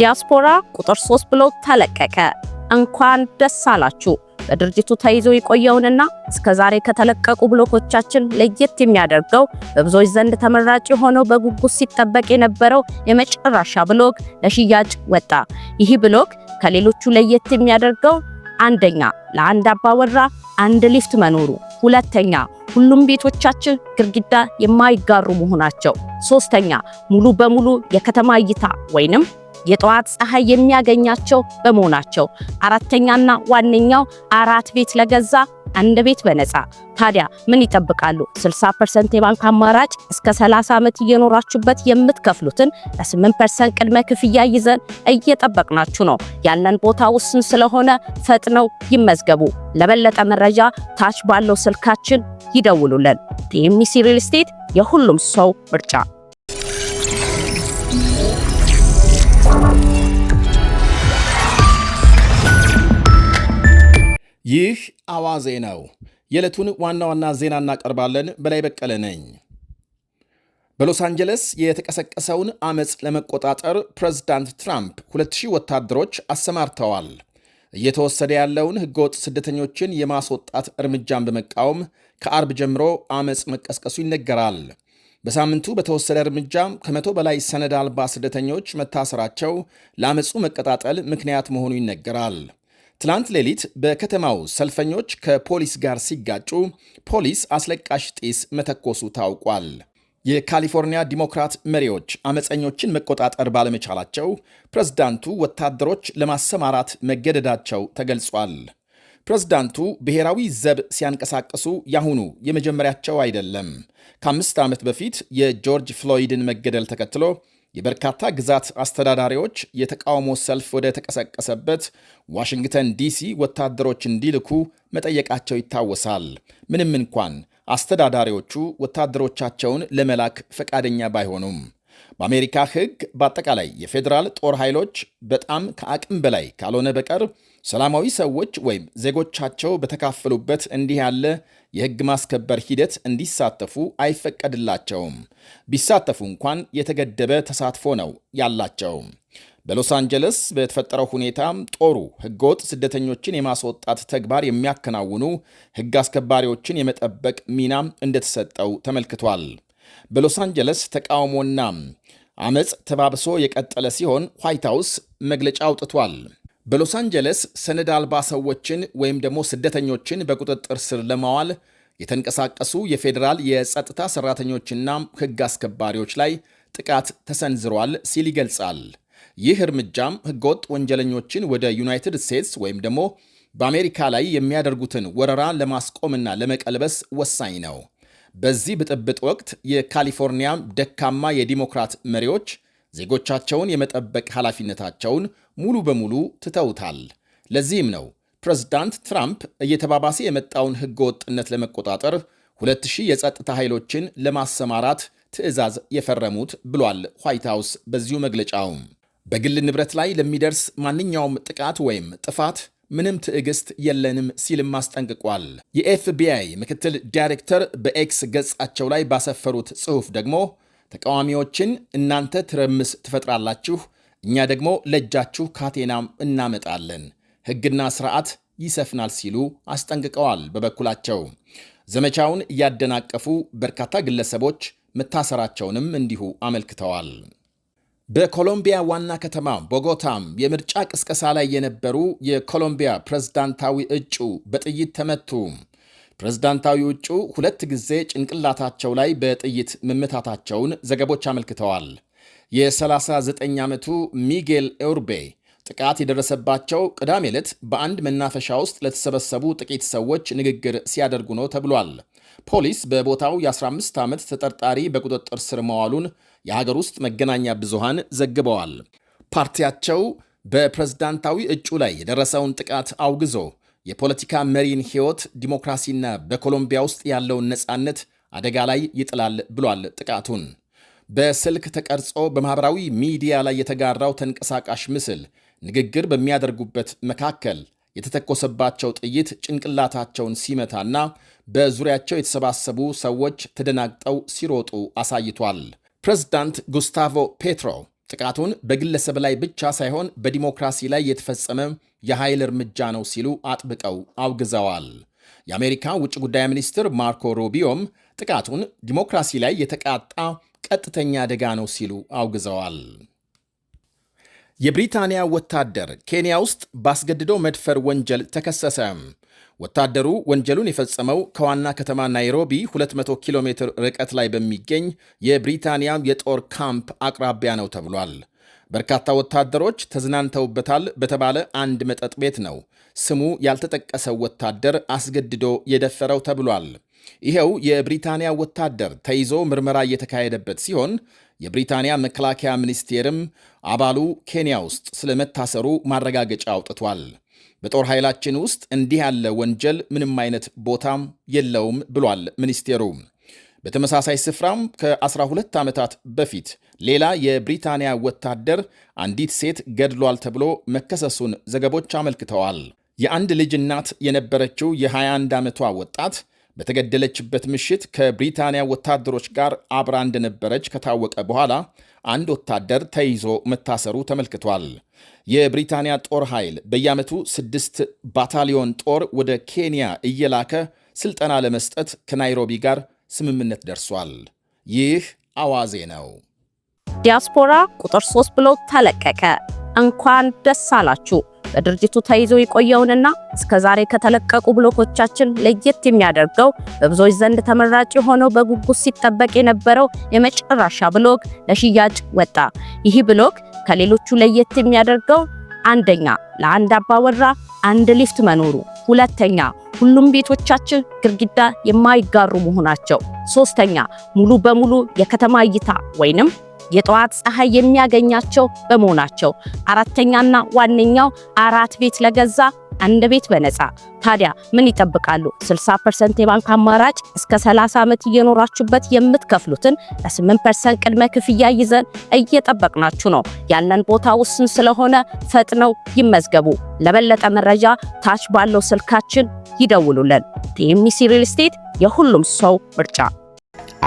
ዲያስፖራ ቁጥር 3 ብሎ ተለቀቀ። እንኳን ደስ አላችሁ። በድርጅቱ ተይዞ የቆየውንና እስከዛሬ ከተለቀቁ ብሎኮቻችን ለየት የሚያደርገው በብዙዎች ዘንድ ተመራጭ የሆነው በጉጉት ሲጠበቅ የነበረው የመጨረሻ ብሎክ ለሽያጭ ወጣ። ይህ ብሎክ ከሌሎቹ ለየት የሚያደርገው አንደኛ፣ ለአንድ አባወራ አንድ ሊፍት መኖሩ፣ ሁለተኛ፣ ሁሉም ቤቶቻችን ግድግዳ የማይጋሩ መሆናቸው፣ ሶስተኛ፣ ሙሉ በሙሉ የከተማ እይታ ወይንም የጠዋት ፀሐይ የሚያገኛቸው በመሆናቸው። አራተኛና ዋነኛው አራት ቤት ለገዛ አንድ ቤት በነፃ። ታዲያ ምን ይጠብቃሉ? 60% የባንክ አማራጭ እስከ 30 ዓመት እየኖራችሁበት የምትከፍሉትን ለ8% ቅድመ ክፍያ ይዘን እየጠበቅናችሁ ነው። ያለን ቦታ ውስን ስለሆነ ፈጥነው ይመዝገቡ። ለበለጠ መረጃ ታች ባለው ስልካችን ይደውሉልን። ቲኤምሲ ሪል ስቴት የሁሉም ሰው ምርጫ ይህ አዋዜ ነው። የዕለቱን ዋና ዋና ዜና እናቀርባለን። በላይ በቀለ ነኝ። በሎስ አንጀለስ የተቀሰቀሰውን አመፅ ለመቆጣጠር ፕሬዝዳንት ትራምፕ 2000 ወታደሮች አሰማርተዋል። እየተወሰደ ያለውን ህገወጥ ስደተኞችን የማስወጣት እርምጃን በመቃወም ከአርብ ጀምሮ አመፅ መቀስቀሱ ይነገራል። በሳምንቱ በተወሰደ እርምጃ ከመቶ በላይ ሰነድ አልባ ስደተኞች መታሰራቸው ለአመፁ መቀጣጠል ምክንያት መሆኑ ይነገራል። ትላንት ሌሊት በከተማው ሰልፈኞች ከፖሊስ ጋር ሲጋጩ ፖሊስ አስለቃሽ ጢስ መተኮሱ ታውቋል። የካሊፎርኒያ ዲሞክራት መሪዎች አመፀኞችን መቆጣጠር ባለመቻላቸው ፕሬዝዳንቱ ወታደሮች ለማሰማራት መገደዳቸው ተገልጿል። ፕሬዝዳንቱ ብሔራዊ ዘብ ሲያንቀሳቅሱ ያሁኑ የመጀመሪያቸው አይደለም። ከአምስት ዓመት በፊት የጆርጅ ፍሎይድን መገደል ተከትሎ የበርካታ ግዛት አስተዳዳሪዎች የተቃውሞ ሰልፍ ወደ ተቀሰቀሰበት ዋሽንግተን ዲሲ ወታደሮች እንዲልኩ መጠየቃቸው ይታወሳል። ምንም እንኳን አስተዳዳሪዎቹ ወታደሮቻቸውን ለመላክ ፈቃደኛ ባይሆኑም በአሜሪካ ሕግ በአጠቃላይ የፌዴራል ጦር ኃይሎች በጣም ከአቅም በላይ ካልሆነ በቀር ሰላማዊ ሰዎች ወይም ዜጎቻቸው በተካፈሉበት እንዲህ ያለ የሕግ ማስከበር ሂደት እንዲሳተፉ አይፈቀድላቸውም። ቢሳተፉ እንኳን የተገደበ ተሳትፎ ነው ያላቸው። በሎስ አንጀለስ በተፈጠረው ሁኔታ ጦሩ ሕገወጥ ስደተኞችን የማስወጣት ተግባር የሚያከናውኑ ሕግ አስከባሪዎችን የመጠበቅ ሚናም እንደተሰጠው ተመልክቷል። በሎስ አንጀለስ ተቃውሞና አመፅ ተባብሶ የቀጠለ ሲሆን ዋይት ሀውስ መግለጫ አውጥቷል። በሎስ አንጀለስ ሰነድ አልባ ሰዎችን ወይም ደግሞ ስደተኞችን በቁጥጥር ስር ለማዋል የተንቀሳቀሱ የፌዴራል የጸጥታ ሰራተኞችና ሕግ አስከባሪዎች ላይ ጥቃት ተሰንዝሯል ሲል ይገልጻል። ይህ እርምጃም ሕገወጥ ወንጀለኞችን ወደ ዩናይትድ ስቴትስ ወይም ደግሞ በአሜሪካ ላይ የሚያደርጉትን ወረራ ለማስቆምና ለመቀልበስ ወሳኝ ነው። በዚህ ብጥብጥ ወቅት የካሊፎርኒያ ደካማ የዲሞክራት መሪዎች ዜጎቻቸውን የመጠበቅ ኃላፊነታቸውን ሙሉ በሙሉ ትተውታል። ለዚህም ነው ፕሬዝዳንት ትራምፕ እየተባባሰ የመጣውን ህገወጥነት ለመቆጣጠር 2000 የጸጥታ ኃይሎችን ለማሰማራት ትዕዛዝ የፈረሙት ብሏል ዋይት ሀውስ በዚሁ መግለጫውም በግል ንብረት ላይ ለሚደርስ ማንኛውም ጥቃት ወይም ጥፋት ምንም ትዕግስት የለንም ሲልም አስጠንቅቋል። የኤፍቢአይ ምክትል ዳይሬክተር በኤክስ ገጻቸው ላይ ባሰፈሩት ጽሑፍ ደግሞ ተቃዋሚዎችን እናንተ ትርምስ ትፈጥራላችሁ፣ እኛ ደግሞ ለእጃችሁ ካቴናም እናመጣለን፣ ሕግና ስርዓት ይሰፍናል ሲሉ አስጠንቅቀዋል። በበኩላቸው ዘመቻውን እያደናቀፉ በርካታ ግለሰቦች መታሰራቸውንም እንዲሁ አመልክተዋል። በኮሎምቢያ ዋና ከተማ ቦጎታም የምርጫ ቅስቀሳ ላይ የነበሩ የኮሎምቢያ ፕሬዝዳንታዊ እጩ በጥይት ተመቱ። ፕሬዝዳንታዊ እጩ ሁለት ጊዜ ጭንቅላታቸው ላይ በጥይት መመታታቸውን ዘገቦች አመልክተዋል። የ39 ዓመቱ ሚጌል ኤውርቤ ጥቃት የደረሰባቸው ቅዳሜ ዕለት በአንድ መናፈሻ ውስጥ ለተሰበሰቡ ጥቂት ሰዎች ንግግር ሲያደርጉ ነው ተብሏል። ፖሊስ በቦታው የ15 ዓመት ተጠርጣሪ በቁጥጥር ስር መዋሉን የሀገር ውስጥ መገናኛ ብዙሃን ዘግበዋል። ፓርቲያቸው በፕሬዝዳንታዊ እጩ ላይ የደረሰውን ጥቃት አውግዞ የፖለቲካ መሪን ሕይወት፣ ዲሞክራሲና በኮሎምቢያ ውስጥ ያለውን ነፃነት አደጋ ላይ ይጥላል ብሏል። ጥቃቱን በስልክ ተቀርጾ በማኅበራዊ ሚዲያ ላይ የተጋራው ተንቀሳቃሽ ምስል ንግግር በሚያደርጉበት መካከል የተተኮሰባቸው ጥይት ጭንቅላታቸውን ሲመታና በዙሪያቸው የተሰባሰቡ ሰዎች ተደናግጠው ሲሮጡ አሳይቷል። ፕሬዝዳንት ጉስታቮ ፔትሮ ጥቃቱን በግለሰብ ላይ ብቻ ሳይሆን በዲሞክራሲ ላይ የተፈጸመ የኃይል እርምጃ ነው ሲሉ አጥብቀው አውግዘዋል። የአሜሪካ ውጭ ጉዳይ ሚኒስትር ማርኮ ሩቢዮም ጥቃቱን ዲሞክራሲ ላይ የተቃጣ ቀጥተኛ አደጋ ነው ሲሉ አውግዘዋል። የብሪታንያ ወታደር ኬንያ ውስጥ በአስገድዶ መድፈር ወንጀል ተከሰሰ። ወታደሩ ወንጀሉን የፈጸመው ከዋና ከተማ ናይሮቢ 200 ኪሎ ሜትር ርቀት ላይ በሚገኝ የብሪታንያ የጦር ካምፕ አቅራቢያ ነው ተብሏል። በርካታ ወታደሮች ተዝናንተውበታል በተባለ አንድ መጠጥ ቤት ነው ስሙ ያልተጠቀሰው ወታደር አስገድዶ የደፈረው ተብሏል። ይኸው የብሪታንያ ወታደር ተይዞ ምርመራ እየተካሄደበት ሲሆን የብሪታንያ መከላከያ ሚኒስቴርም አባሉ ኬንያ ውስጥ ስለመታሰሩ ማረጋገጫ አውጥቷል። በጦር ኃይላችን ውስጥ እንዲህ ያለ ወንጀል ምንም አይነት ቦታም የለውም ብሏል ሚኒስቴሩ። በተመሳሳይ ስፍራም ከ12 ዓመታት በፊት ሌላ የብሪታንያ ወታደር አንዲት ሴት ገድሏል ተብሎ መከሰሱን ዘገቦች አመልክተዋል። የአንድ ልጅ እናት የነበረችው የ21 ዓመቷ ወጣት በተገደለችበት ምሽት ከብሪታንያ ወታደሮች ጋር አብራ እንደነበረች ከታወቀ በኋላ አንድ ወታደር ተይዞ መታሰሩ ተመልክቷል። የብሪታንያ ጦር ኃይል በየዓመቱ ስድስት ባታሊዮን ጦር ወደ ኬንያ እየላከ ስልጠና ለመስጠት ከናይሮቢ ጋር ስምምነት ደርሷል። ይህ አዋዜ ነው። ዲያስፖራ ቁጥር 3 ብሎ ተለቀቀ። እንኳን ደስ አላችሁ። በድርጅቱ ተይዞ የቆየውንና እስከዛሬ ከተለቀቁ ብሎኮቻችን ለየት የሚያደርገው በብዙዎች ዘንድ ተመራጭ የሆነው በጉጉት ሲጠበቅ የነበረው የመጨረሻ ብሎክ ለሽያጭ ወጣ። ይህ ብሎክ ከሌሎቹ ለየት የሚያደርገው አንደኛ ለአንድ አባወራ አንድ ሊፍት መኖሩ፣ ሁለተኛ ሁሉም ቤቶቻችን ግድግዳ የማይጋሩ መሆናቸው፣ ሶስተኛ ሙሉ በሙሉ የከተማ እይታ ወይንም የጠዋት ፀሐይ የሚያገኛቸው በመሆናቸው። አራተኛና ዋነኛው አራት ቤት ለገዛ አንድ ቤት በነፃ። ታዲያ ምን ይጠብቃሉ? 60% የባንክ አማራጭ እስከ 30 ዓመት እየኖራችሁበት የምትከፍሉትን ለ8% ቅድመ ክፍያ ይዘን እየጠበቅናችሁ ነው። ያለን ቦታ ውስን ስለሆነ ፈጥነው ይመዝገቡ። ለበለጠ መረጃ ታች ባለው ስልካችን ይደውሉልን። ቲኤምሲ ሪል ስቴት የሁሉም ሰው ምርጫ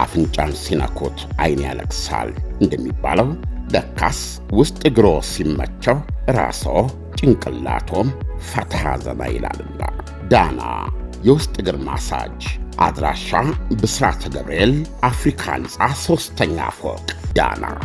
አፍንጫን ሲነኩት ዓይን ያለቅሳል እንደሚባለው ለካስ ውስጥ እግሮ ሲመቸው ራሶ ጭንቅላቶም ፈታ ዘና ይላልና። ዳና የውስጥ እግር ማሳጅ አድራሻ ብስራተ ገብርኤል አፍሪካ ሕንፃ ሦስተኛ ፎቅ ዳና